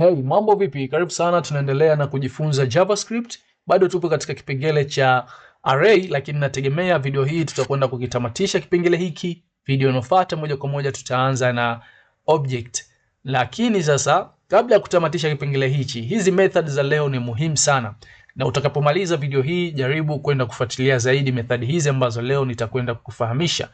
Hey, mambo vipi? Karibu sana, tunaendelea na kujifunza JavaScript. Bado tupo katika kipengele cha array, lakini nategemea video hii tutakwenda kukitamatisha kipengele hiki. Video inofuata moja kwa moja tutaanza na object. Lakini sasa kabla ya kutamatisha kipengele hichi, hizi method za leo ni muhimu sana, na utakapomaliza video hii jaribu kwenda kufuatilia zaidi method hizi ambazo leo nitakwenda kukufahamisha.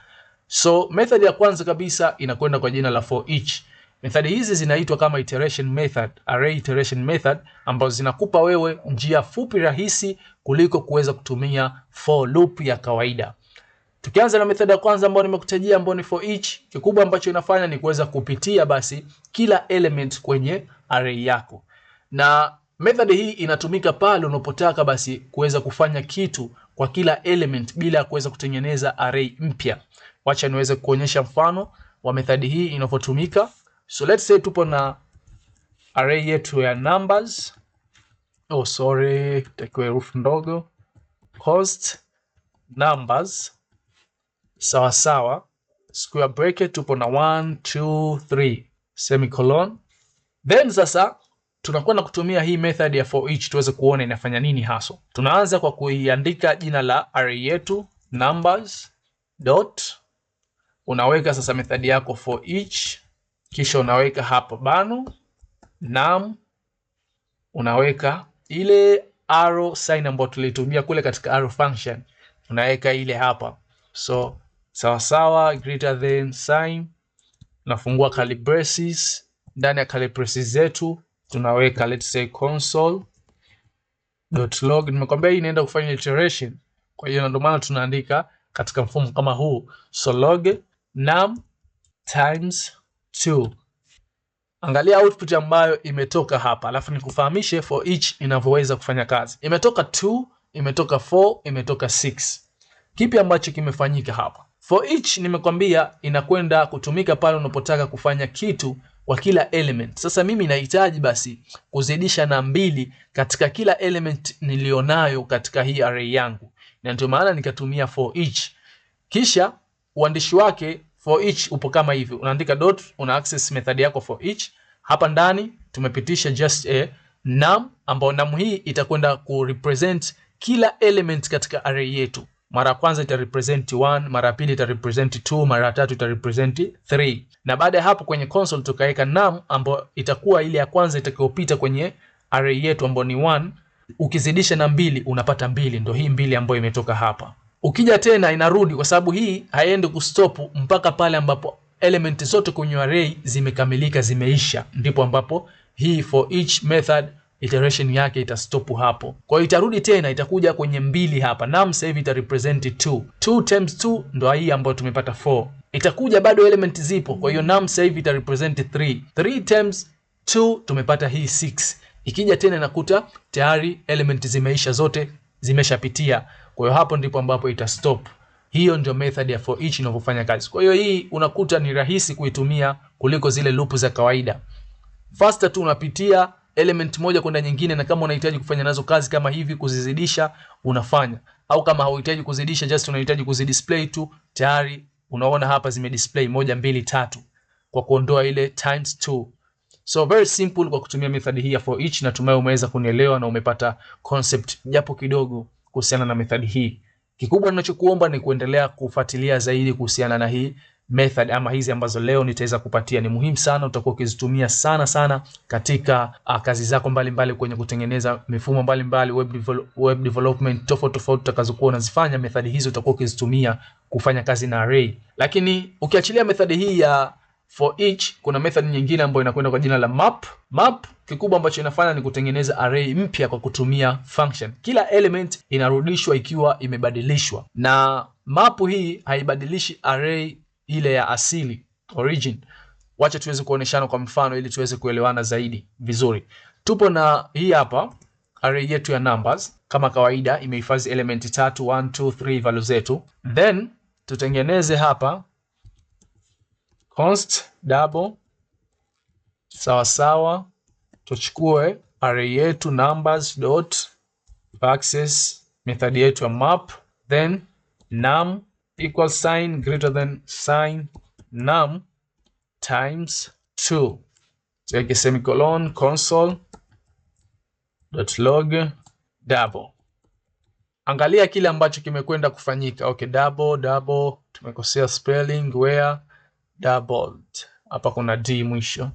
So method ya kwanza kabisa inakwenda kwa jina la for each Methodi hizi zinaitwa kama iteration method, array iteration method ambazo zinakupa wewe njia fupi rahisi kuliko kuweza kutumia for loop ya kawaida. Tukianza na methodi ya kwanza ambayo nimekutajia ambayo ni for each, kikubwa ambacho inafanya ni kuweza kupitia basi kila element kwenye array yako. Na method hii inatumika pale unapotaka basi kuweza kufanya kitu kwa kila element bila kuweza kutengeneza array mpya. Wacha niweze kuonyesha mfano wa methodi hii inavyotumika. So let's say tupo na array yetu ya numbers. Oh, sorry, takiwa herufi ndogo host numbers sawa sawa, square bracket tupo na 1 2 3 semicolon. Then sasa tunakwenda kutumia hii method ya for each tuweze kuona inafanya nini haso. Tunaanza kwa kuiandika jina la array yetu numbers dot, unaweka sasa method yako for each kisha unaweka hapa bano nam, unaweka ile arrow sign ambayo tulitumia kule katika arrow function, unaweka ile hapa. So sawa sawa, greater than sign, nafungua curly braces. Ndani ya curly braces zetu tunaweka let's say console dot log. Nimekwambia hii inaenda kufanya iteration, kwa hiyo ndio maana tunaandika katika mfumo kama huu, so log num times 2. Angalia output ambayo imetoka hapa, alafu nikufahamishe for each inavyoweza kufanya kazi. Imetoka 2, imetoka 4, imetoka 6. Kipi ambacho kimefanyika hapa? For each nimekwambia inakwenda kutumika pale unapotaka kufanya kitu kwa kila element. Sasa mimi nahitaji basi kuzidisha na mbili katika kila element nilionayo katika hii array yangu, na ndio maana nikatumia for each. Kisha uandishi wake for each upo kama hivi, unaandika dot, una access method yako for each. Hapa ndani tumepitisha just a num, ambao num hii itakwenda ku represent kila element katika array yetu. Mara ya kwanza ita represent 1, mara ya pili ita represent 2, mara ya tatu ita represent 3. Na baada ya hapo kwenye console tukaweka num ambayo itakuwa ile ya kwanza itakayopita kwenye array yetu ambayo ni 1, ukizidisha na mbili unapata mbili, ndio hii mbili ambayo imetoka hapa. Ukija tena inarudi, kwa sababu hii haiendi kustop mpaka pale ambapo element zote kwenye array zimekamilika, zimeisha, ndipo ambapo hii for each method iteration yake itastopu hapo. Kwa hiyo itarudi tena, itakuja kwenye mbili hapa, num sasa hivi ita represent 2 2 times 2 ndo hii ambayo tumepata 4. Itakuja bado element zipo, kwa hiyo num sasa hivi ita represent 3 3 times 2 tumepata hii 6. Ikija tena nakuta tayari element zimeisha, zote zimeshapitia. Kwa hiyo hapo ndipo ambapo ita stop. Hiyo ndio method ya for each inavyofanya kazi. Kwa hiyo hii unakuta ni rahisi kuitumia kuliko zile loop za kawaida. Faster tu unapitia element moja kwenda nyingine, na kama unahitaji kufanya nazo kazi kama hivi, kuzizidisha unafanya, au kama hauhitaji kuzidisha, just unahitaji kuzidisplay tu, tayari unaona hapa zimedisplay moja, mbili, tatu kwa kuondoa ile times two. So very simple kwa kutumia method hii ya for each. Natumai umeweza kunielewa na umepata concept japo kidogo kuhusiana na method hii. Kikubwa ninachokuomba ni kuendelea kufuatilia zaidi kuhusiana na hii method ama hizi ambazo leo nitaweza kupatia ni muhimu sana, utakuwa ukizitumia sana sana katika uh, kazi zako mbalimbali mbali kwenye kutengeneza mifumo mbalimbali web, devel web development tofauti tofauti utakazokuwa unazifanya, methodi hizi utakuwa ukizitumia kufanya kazi na array. Lakini ukiachilia methodi hii ya For each kuna method nyingine ambayo inakwenda kwa jina la map. Map kikubwa ambacho inafanya ni kutengeneza array mpya kwa kutumia function. Kila element inarudishwa ikiwa imebadilishwa, na map hii haibadilishi array ile ya asili origin. Wacha tuweze kuoneshana kwa mfano ili tuweze kuelewana zaidi vizuri. Tupo na hii hapa array yetu ya numbers kama kawaida, imehifadhi element tatu 1 2 3 value zetu, then tutengeneze hapa const double sawa sawa, tuchukue array yetu numbers dot access method yetu ya map then num equal sign greater than sign num times 2 tuweke semicolon console dot log double. Angalia kile ambacho kimekwenda kufanyika. Okay, double double, tumekosea spelling where doubled. Hapa kuna d mwisho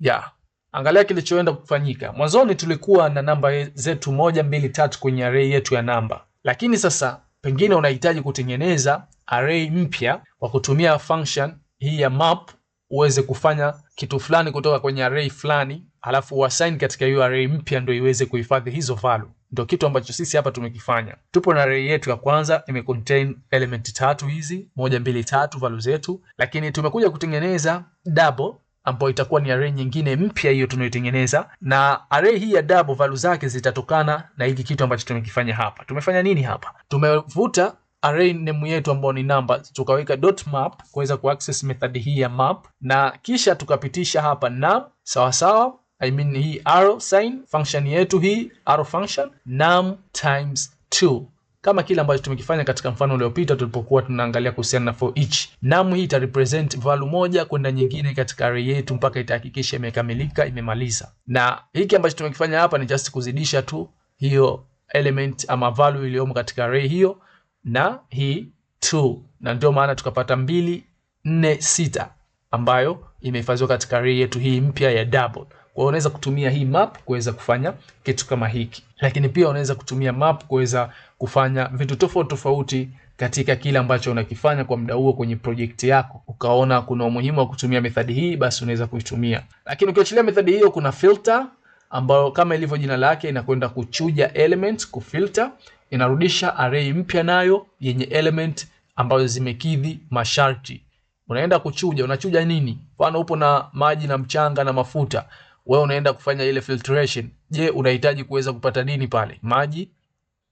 yeah. Angalia kilichoenda kufanyika. Mwanzoni tulikuwa na namba zetu moja, mbili, tatu kwenye array yetu ya namba, lakini sasa pengine unahitaji kutengeneza array mpya kwa kutumia function hii ya map, uweze kufanya kitu fulani kutoka kwenye array fulani, alafu uassign katika hiyo array mpya, ndio iweze kuhifadhi hizo value ndo kitu ambacho sisi hapa tumekifanya. Tupo na array yetu ya kwanza imecontain element tatu hizi, moja, mbili, tatu value zetu, lakini tumekuja kutengeneza double ambayo itakuwa ni array nyingine mpya hiyo tunayotengeneza, na array hii ya double value zake zitatokana na hiki kitu ambacho tumekifanya hapa. Tumefanya nini hapa? Tumevuta array name yetu ambayo ni numbers, tukaweka dot map kuweza kuaccess method hii ya map, na kisha tukapitisha hapa num sawa sawa I mean hii arrow sign function yetu hii arrow function num times 2 kama kile ambacho tumekifanya katika mfano uliopita tulipokuwa tunaangalia kuhusiana na for each. Num hii ita represent value moja kwenda nyingine katika array yetu mpaka itahakikisha imekamilika, imemaliza. Na hiki ambacho tumekifanya hapa ni just kuzidisha tu hiyo element ama value iliyomo katika array hiyo na hii 2, na ndio maana tukapata 2 4 6 ambayo imehifadhiwa katika array yetu hii mpya ya double. Kwa hiyo unaweza kutumia hii map kuweza kufanya kitu kama hiki, lakini pia unaweza kutumia map kuweza kufanya vitu tofauti tofauti katika kile ambacho unakifanya kwa muda huo kwenye projekti yako. Ukaona kuna umuhimu wa kutumia methodi hii, basi unaweza kuitumia. Lakini ukiachilia methodi hiyo, kuna filter ambayo kama ilivyo jina lake inakwenda kuchuja element, kufilter, inarudisha array mpya nayo yenye element ambazo zimekidhi masharti. Unaenda kuchuja, unachuja nini? Mfano upo na maji na mchanga na mafuta wewe unaenda kufanya ile filtration. Je, unahitaji kuweza kupata nini pale? Maji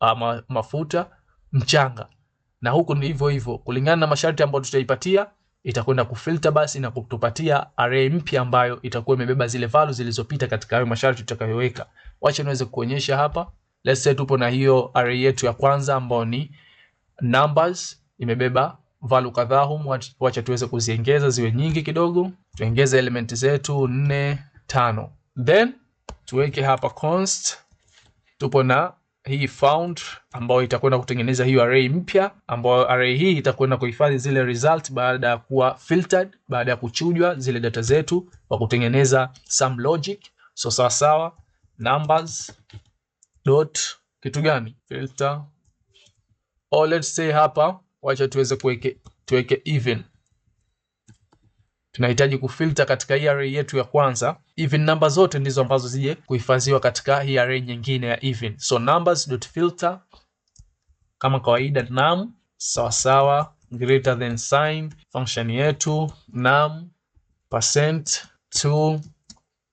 ama ah, mafuta, mchanga. Na huku ni hivyo hivyo, kulingana na masharti ambayo tutaipatia itakwenda kufilter basi na kutupatia array mpya ambayo itakuwa imebeba zile values zilizopita katika hayo masharti tutakayoweka. Wacha niweze kuonyesha hapa. Let's say tupo na hiyo array yetu ya kwanza ambayo ni numbers imebeba value kadhaa humu. Wacha tuweze kuziongeza ziwe nyingi kidogo, tuongeze element zetu nne tano. Then tuweke hapa const, tupo na hii found ambayo itakwenda kutengeneza hiyo array mpya, ambayo array hii itakwenda kuhifadhi zile result baada ya kuwa filtered, baada ya kuchujwa zile data zetu kwa kutengeneza some logic. So sawa sawa, numbers dot kitu gani filter, or oh, let's say hapa, wacha tuweze kuweke tuweke even tunahitaji kufilter katika hii e array yetu ya kwanza. Even namba zote ndizo ambazo zije kuhifadhiwa katika hii e array nyingine ya even. So numbers.filter kama kawaida num sawasawa greater than sign function yetu num percent 2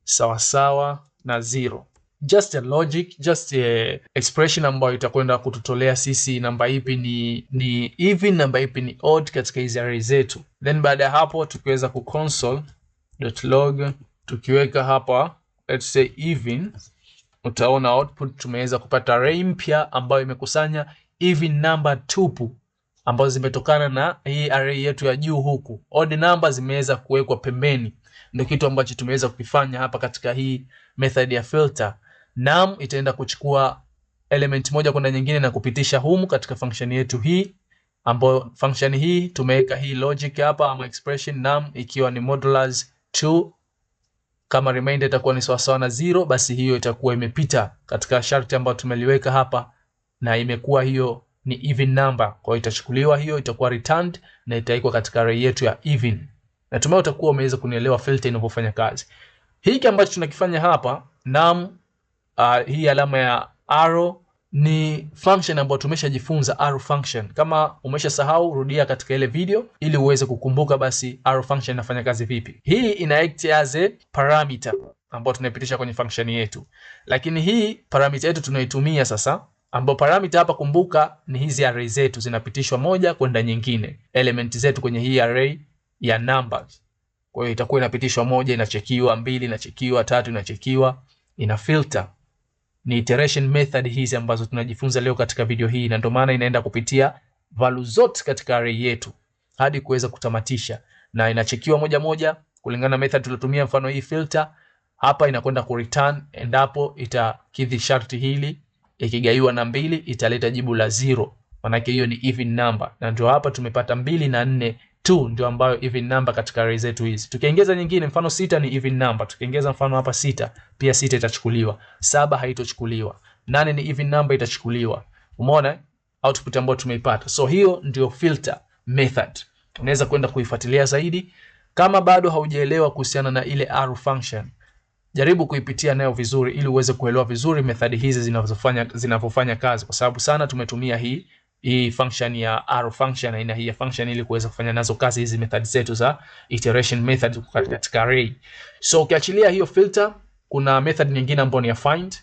sawasawa na zero just a logic, just a expression ambayo itakwenda kututolea sisi namba ipi ni ni even, namba ipi ni odd katika hizi array zetu. Then baada ya hapo tukiweza ku console.log tukiweka hapa let's say even, utaona output tumeweza kupata array mpya ambayo imekusanya even number tupu ambazo zimetokana na hii array yetu ya juu huku. Odd number zimeweza kuwekwa pembeni, ndio kitu ambacho tumeweza kukifanya hapa katika hii method ya filter num itaenda kuchukua element moja kwenda nyingine na kupitisha humu katika function yetu hii, ambayo function hii tumeweka hii logic hapa ama expression num ikiwa ni modulus 2 kama remainder itakuwa ni sawa sawa na 0, basi hiyo itakuwa imepita katika sharti ambayo tumeliweka hapa, na imekuwa hiyo ni even number. Kwa hiyo itachukuliwa hiyo, itakuwa returned na itaikwa katika array yetu ya even. Natumai utakuwa umeweza kunielewa filter inavyofanya kazi. Hiki ambacho tunakifanya hapa num uh, hii alama ya arrow ni function ambayo tumeshajifunza arrow function. Kama umeshasahau rudia katika ile video ili uweze kukumbuka, basi arrow function inafanya kazi vipi. Hii ina act as a parameter ambayo tunaipitisha kwenye function yetu, lakini hii parameter yetu tunaitumia sasa, ambapo parameter hapa, kumbuka, ni hizi array zetu zinapitishwa moja kwenda nyingine, element zetu kwenye hii array ya numbers. Kwa hiyo itakuwa inapitishwa moja, inachekiwa; mbili, inachekiwa; tatu, inachekiwa; ina filter ni iteration method hizi ambazo tunajifunza leo katika video hii, na ndio maana inaenda kupitia value zote katika array yetu hadi kuweza kutamatisha, na inachekiwa moja moja kulingana na method tulotumia. Mfano hii filter hapa inakwenda ku return endapo itakidhi sharti hili, ikigaiwa na mbili italeta jibu la zero, maanake hiyo ni even number, na ndio hapa tumepata mbili na nne 2 ndio ambayo even number katika array zetu hizi. Tukiongeza nyingine mfano sita ni even number. Tukiongeza mfano hapa sita, pia sita itachukuliwa. Saba haitochukuliwa. Nane ni even number itachukuliwa. Umeona eh? output ambayo tumeipata. So hiyo ndio filter method. Unaweza kwenda kuifuatilia zaidi. Kama bado haujaelewa kuhusiana na ile R function, jaribu kuipitia nayo vizuri ili uweze kuelewa vizuri methodi hizi zinazofanya zinavyofanya kazi, kwa sababu sana tumetumia hii hii function ya arrow function, aina hii ya function, ili kuweza kufanya nazo kazi hizi methods zetu za iteration method katika array. So ukiachilia hiyo filter, kuna method nyingine ambayo ni ya find.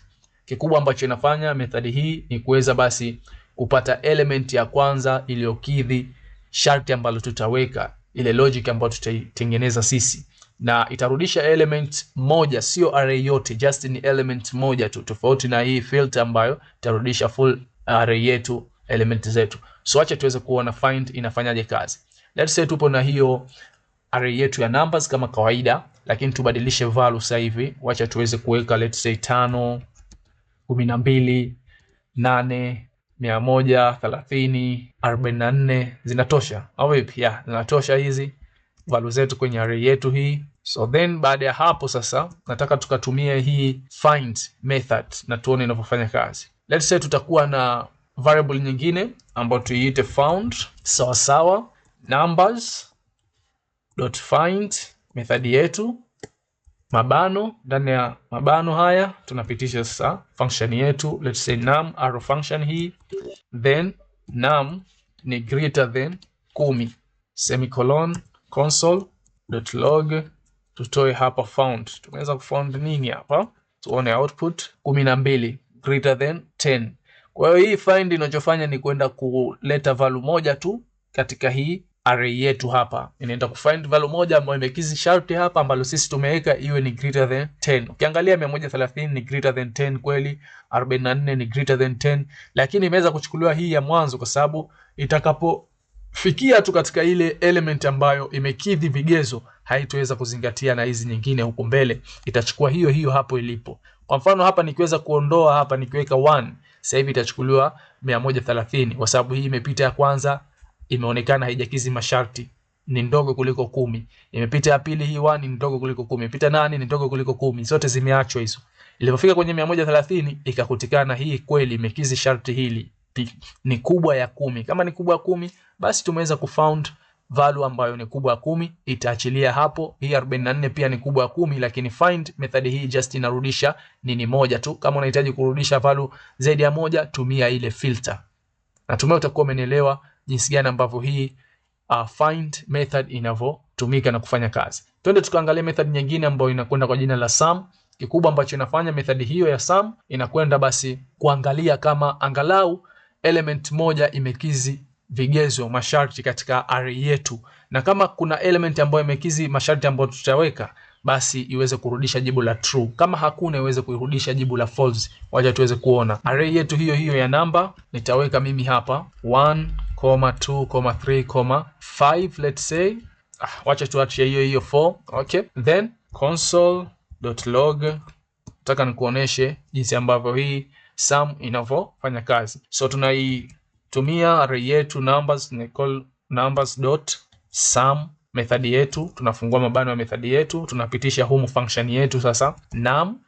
Kikubwa ambacho inafanya method hii ni kuweza basi kupata element ya kwanza iliyokidhi sharti ambalo tutaweka, ile logic ambayo tutaitengeneza sisi na itarudisha element moja, sio array yote, just ni element moja tu, tofauti na hii filter ambayo itarudisha full array yetu element zetu. So acha tuweze kuona find inafanyaje kazi. Let's say tupo na hiyo array yetu ya numbers kama kawaida, lakini tubadilishe value sasa hivi. Wacha tuweze kuweka let's say tano, kumi na mbili, nane, mia moja, thelathini, arobaini na nne zinatosha au vipi? Yeah, zinatosha hizi value zetu kwenye array yetu hii. So then baada ya hapo sasa nataka tukatumie hii find method na tuone inavyofanya kazi. Let's say tutakuwa na variable nyingine ambayo tuiite found sawa sawa numbers dot find method yetu mabano. Ndani ya mabano haya tunapitisha sasa function yetu, let's say num arrow function hii, then num ni greater than kumi, semicolon console dot log. Tutoe hapa found, tumeweza kufound nini hapa? Tuone output kumi na mbili greater than 10 kwa hiyo hii find inachofanya ni kwenda kuleta value moja tu katika hii array yetu hapa, inaenda ku find value moja ambayo imekizi sharti hapa ambalo sisi tumeweka iwe ni greater than 10. Ukiangalia 130 ni greater than 10 kweli, 44 ni greater than 10, lakini imeweza kuchukuliwa hii ya mwanzo kwa sababu itakapo fikia tu katika ile element ambayo imekidhi vigezo haitoweza kuzingatia na hizi nyingine huko mbele, itachukua hiyo hiyo hapo ilipo. Kwa mfano hapa nikiweza kuondoa hapa nikiweka 1 sasa hivi itachukuliwa 130 kwa sababu hii imepita ya kwanza, imeonekana haijakizi masharti ni ndogo kuliko kumi. Imepita ya pili hii wani ni ndogo kuliko kumi. Imepita nane ni ndogo kuliko kumi. Zote zimeachwa hizo. Ilipofika kwenye 130 ikakutikana hii kweli imekizi sharti hili. Ni kubwa ya kumi. Kama ni kubwa ya kumi basi tumeweza kufound value ambayo ni kubwa ya kumi itaachilia hapo. Hii 44 pia ni kubwa ya kumi, lakini find method hii just inarudisha nini moja tu. Kama unahitaji kurudisha value zaidi ya moja, tumia ile filter. Natumai utakuwa umeelewa jinsi gani ambavyo hii uh, find method inavyotumika na kufanya kazi. Twende tukaangalie method nyingine ambayo inakwenda kwa jina la sum. Kikubwa ambacho inafanya method hiyo ya sum inakwenda basi kuangalia kama angalau element moja imekizi vigezo masharti katika array yetu, na kama kuna element ambayo imekizi masharti ambayo tutaweka, basi iweze kurudisha jibu la true. Kama hakuna iweze kuirudisha jibu la false. Wacha tuweze kuona array yetu hiyo hiyo ya namba, nitaweka mimi hapa 1, 2, 3, 5 let's say. Ah, wacha tuachie hiyo hiyo 4. Okay, then console.log, nataka nikuoneshe jinsi ambavyo hii sum inavyofanya kazi, so tunai Tumia array yetu numbers, tunacall numbers dot sum method yetu, tunafungua mabano ya methodi yetu, tunapitisha humu function yetu. Sasa num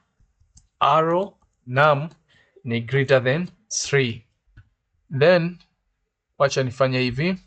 arrow num ni greater than 3, then wacha nifanye hivi,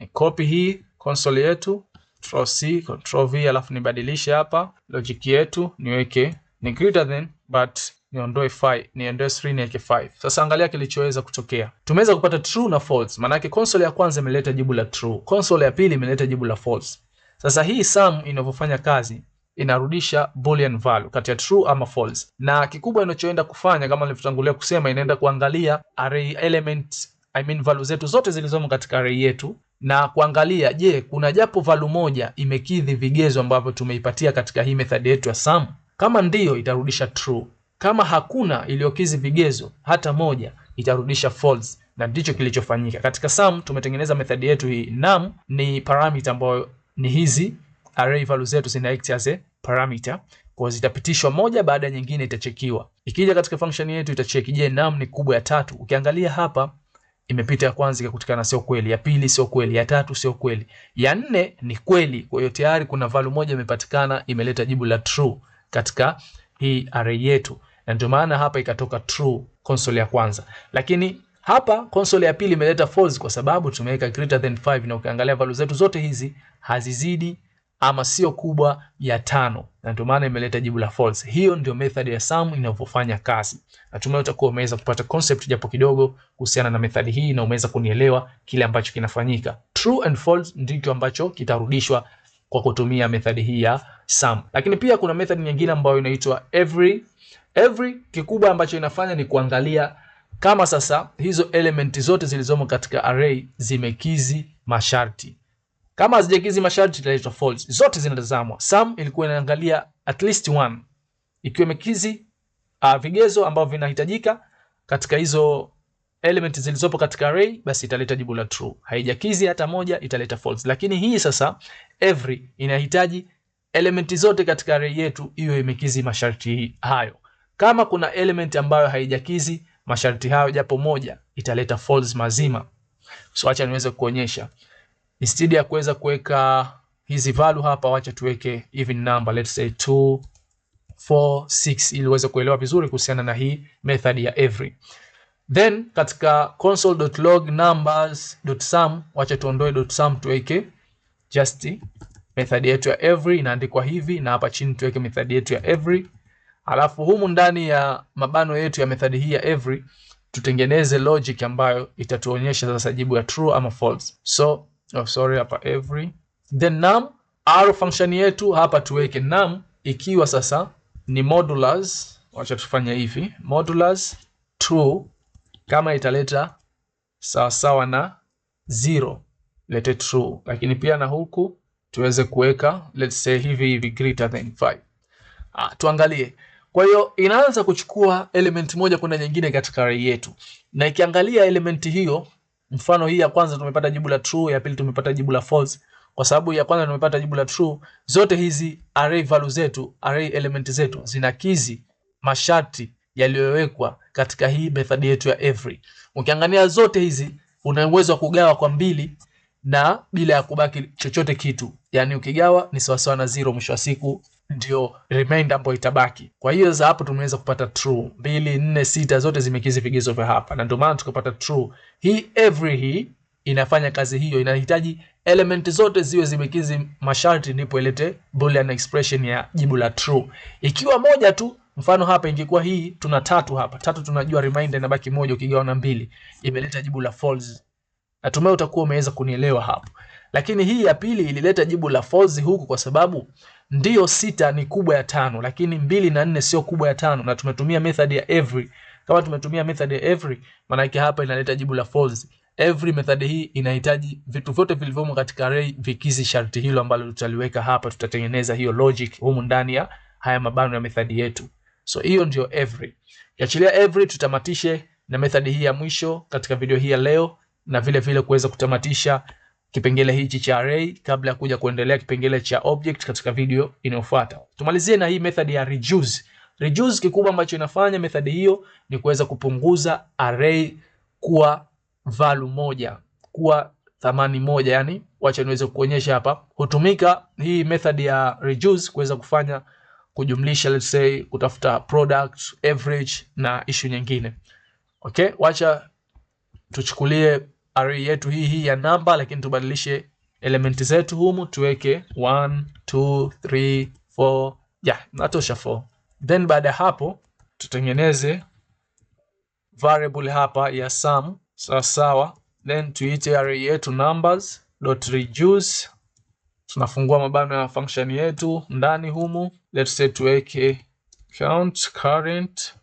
ni copy hii console yetu control c control v, alafu nibadilishe hapa logic yetu niweke ni greater than but niondoe 5 niondoe 3 niweke 5. Sasa angalia kilichoweza kutokea. Tumeweza kupata true na false, maana yake console ya kwanza imeleta jibu la true, console ya pili imeleta jibu la false. Sasa hii sum inavyofanya kazi inarudisha boolean value kati ya true ama false, na kikubwa inachoenda kufanya kama nilivyotangulia kusema, inaenda kuangalia array element, I mean value zetu zote zilizomo katika array yetu na kuangalia je, kuna japo value moja imekidhi vigezo ambavyo tumeipatia katika hii method yetu ya sum. Kama ndiyo, itarudisha true. Kama hakuna iliyokizi vigezo hata moja, itarudisha false, na ndicho kilichofanyika katika sum. Tumetengeneza method yetu hii. Num ni parameter ambayo ni hizi array value zetu zina act as a parameter kwa zitapitishwa moja baada ya nyingine, itachekiwa. Ikija katika function yetu itacheki, je, num ni kubwa ya tatu? Ukiangalia hapa imepita ya kwanza ikakutikana, sio kweli. Ya pili sio kweli. Ya tatu sio kweli. Ya nne ni kweli. Kwa hiyo tayari kuna value moja imepatikana, imeleta jibu la true katika hii array yetu, na ndio maana hapa ikatoka true console ya kwanza, lakini hapa console ya pili imeleta false kwa sababu tumeweka greater than 5 na ukiangalia value zetu zote hizi hazizidi ama sio kubwa ya tano, na ndio maana imeleta jibu la false. Hiyo ndio method ya sum inavyofanya kazi. Natumai utakuwa umeweza kupata concept japo kidogo kuhusiana na method hii na umeweza kunielewa kile ambacho kinafanyika. True and false ndicho ambacho kitarudishwa kwa kutumia method hii ya sum. Lakini pia kuna method nyingine ambayo inaitwa every. Every kikubwa ambacho inafanya ni kuangalia kama sasa hizo elementi zote zilizomo katika array zimekizi masharti. Kama hazijakizi masharti itaitwa false. Zote zinatazamwa. Sum ilikuwa inaangalia at least one ikiwa imekizi uh, vigezo ambavyo vinahitajika katika hizo element zilizopo katika array basi italeta jibu la true. Haijakizi hata moja italeta false. Lakini hii sasa every inahitaji elementi zote katika array yetu iwe imekizi masharti hayo. Kama kuna element ambayo haijakizi masharti hayo japo moja, italeta false mazima. So acha niweze kuonyesha. Instead ya kuweza kuweka hizi value hapa, wacha tuweke even number, let's say 2 4 6, ili uweze kuelewa vizuri kuhusiana na hii method ya every. Then katika console.log numbers.sum, wacha tuondoe .sum tuweke just methodi yetu ya every inaandikwa hivi, na hapa chini tuweke methodi yetu ya every, alafu humu ndani ya mabano yetu ya methodi hii ya every tutengeneze logic ambayo itatuonyesha sasa jibu ya true ama false. So oh, sorry, hapa every then num r function yetu hapa tuweke num ikiwa sasa ni modulus, wacha tufanye hivi modulus true, kama italeta sawa sawa na zero lete true, lakini pia na huku tuweze kuweka let's say hivi hivi greater than 5. Ah, tuangalie. Kwa hiyo inaanza kuchukua element moja kwenda nyingine katika array yetu, na ikiangalia element hiyo, mfano hii ya kwanza tumepata jibu la true, ya pili tumepata jibu la false. Kwa sababu ya kwanza tumepata jibu la true, zote hizi array value zetu, array element zetu zinakizi masharti yaliyowekwa katika hii method yetu ya every. Ukiangalia zote hizi una uwezo wa kugawa kwa mbili na bila ya kubaki chochote kitu, yani ukigawa ni sawasawa na zero. Mwisho wa siku ndio remainder ambayo itabaki. Kwa hiyo za hapo tumeweza kupata true, mbili nne sita zote zimekizi vigezo vya hapa, na ndio maana tukapata true. Hii every hii inafanya kazi hiyo, inahitaji element zote ziwe zimekizi masharti ndipo ilete boolean expression ya jibu la true. Ikiwa moja tu, mfano hapa ingekuwa hii, tuna tatu hapa, tatu tunajua remainder inabaki moja, ukigawa na mbili imeleta jibu la false. Natumai utakuwa umeweza kunielewa hapo. Lakini hii ya pili ilileta jibu la fozi huku kwa sababu ndiyo sita ni kubwa ya tano, lakini mbili na nne sio kubwa ya tano, na tumetumia method ya every. Kama tumetumia method ya every, maana yake hapa inaleta jibu la fozi. Every method hii inahitaji vitu vyote vilivyomo katika array vikizi sharti hilo ambalo tutaliweka hapa. Tutatengeneza hiyo logic humu ndani ya haya mabano ya method yetu. So hiyo ndio every. Kiachilia every tutamatishe na method hii ya mwisho katika video hii ya leo na vile vile kuweza kutamatisha kipengele hichi cha array kabla ya kuja kuendelea kipengele cha object katika video inayofuata. Tumalizie na hii method ya reduce. Reduce kikubwa ambacho inafanya method hiyo ni kuweza kupunguza array kuwa value moja, kuwa thamani moja yani, wacha niweze kuonyesha hapa. Hutumika hii method ya reduce kuweza kufanya kujumlisha, let's say kutafuta product, average na issue nyingine. Okay, wacha tuchukulie array e yetu hii hii ya namba, lakini tubadilishe elementi zetu humu, tuweke 1 2 3 4, yeah, natosha 4. Then baada ya hapo tutengeneze variable hapa ya sum sawa sawa, then tuite array e yetu numbers dot reduce. Tunafungua mabano ya function yetu ndani humu, let's say tuweke count current,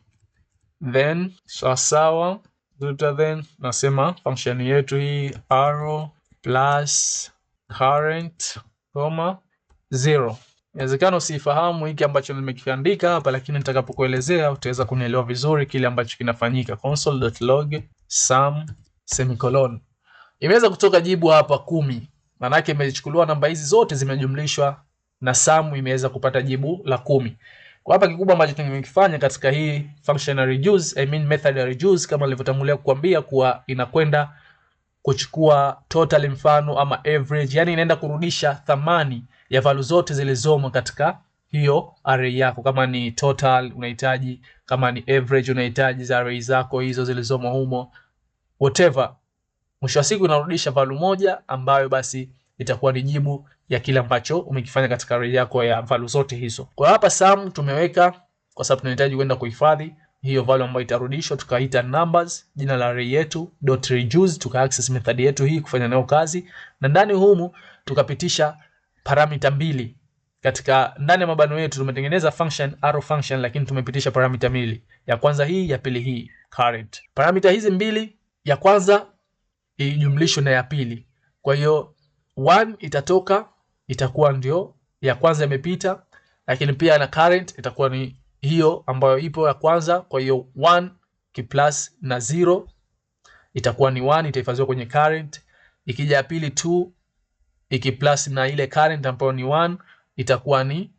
then sawa sawa greater then nasema function yetu hii arrow plus current comma zero. Inawezekana usifahamu hiki ambacho nimekiandika hapa, lakini nitakapokuelezea utaweza kunielewa vizuri kile ambacho kinafanyika. console.log sum semicolon imeweza kutoka jibu hapa kumi, maanake imechukuliwa namba hizi zote zimejumlishwa na sum imeweza kupata jibu la kumi. Kwa hapa kikubwa ambacho tumekifanya katika hii function ya reduce, I mean method ya reduce kama nilivyotangulia kukuambia kuwa inakwenda kuchukua total mfano ama average, yani inaenda kurudisha thamani ya value zote zilizomo katika hiyo array yako. Kama ni total unahitaji, kama ni average unahitaji za array zako hizo zilizomo humo, whatever. Mwisho wa siku inarudisha value moja ambayo basi itakuwa ni jibu ya kile ambacho umekifanya katika array yako ya value zote hizo. Kwa hapa sum tumeweka kwa sababu tunahitaji kwenda kuhifadhi hiyo value ambayo itarudishwa, tukaita numbers, jina la array yetu dot reduce, tuka access method yetu hii kufanya nayo kazi, na ndani humu tukapitisha parameter mbili katika ndani ya mabano yetu tumetengeneza function arrow function, lakini tumepitisha parameter mbili, ya kwanza hii, ya pili hii current. Parameter hizi mbili, ya kwanza ijumlishwe na ya pili, kwa hiyo one itatoka itakuwa ndio ya kwanza imepita, lakini pia na current itakuwa ni hiyo ambayo ipo ya kwanza. Kwa hiyo 1 ki plus na 0 itakuwa ni 1, itahifadhiwa kwenye current. Ikija ya pili 2 iki plus na ile current ambayo ni 1 itakuwa ni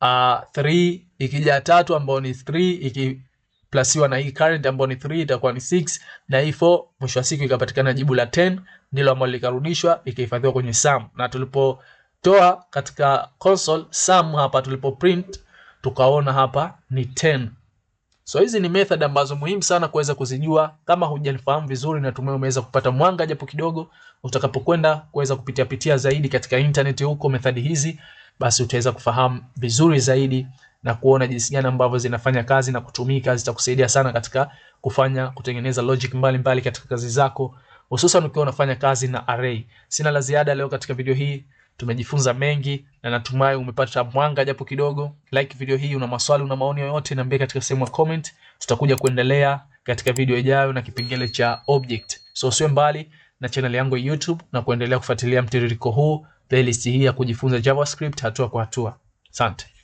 3. Uh, ikija ya tatu ambayo ni 3 iki ikiplasiwa na hii current ambayo ni 3 itakuwa ni 6, na hii 4 mwisho wa siku ikapatikana jibu la 10, ndilo ambalo likarudishwa ikahifadhiwa kwenye sum na tulipo toa katika console sum hapa tulipo print tukaona hapa ni 10. So hizi ni method ambazo muhimu sana kuweza kuzijua. Kama hujanifahamu vizuri, natumai umeweza kupata mwanga japo kidogo, utakapokwenda kuweza kupitia pitia zaidi katika internet huko method hizi, basi utaweza kufahamu vizuri zaidi na kuona jinsi gani ambavyo zinafanya kazi na kutumika. Zitakusaidia sana katika kufanya kutengeneza logic mbalimbali mbali katika kazi zako, hususan ukiwa unafanya kazi na array. Sina la ziada leo katika video hii tumejifunza mengi na natumai umepata mwanga japo kidogo. Like video hii, una maswali una maoni yoyote, niambie katika sehemu ya comment. Tutakuja kuendelea katika video ijayo na kipengele cha object, so usiwe mbali na channel yangu ya YouTube na kuendelea kufuatilia mtiririko huu, playlist hii ya kujifunza JavaScript hatua kwa hatua. Asante.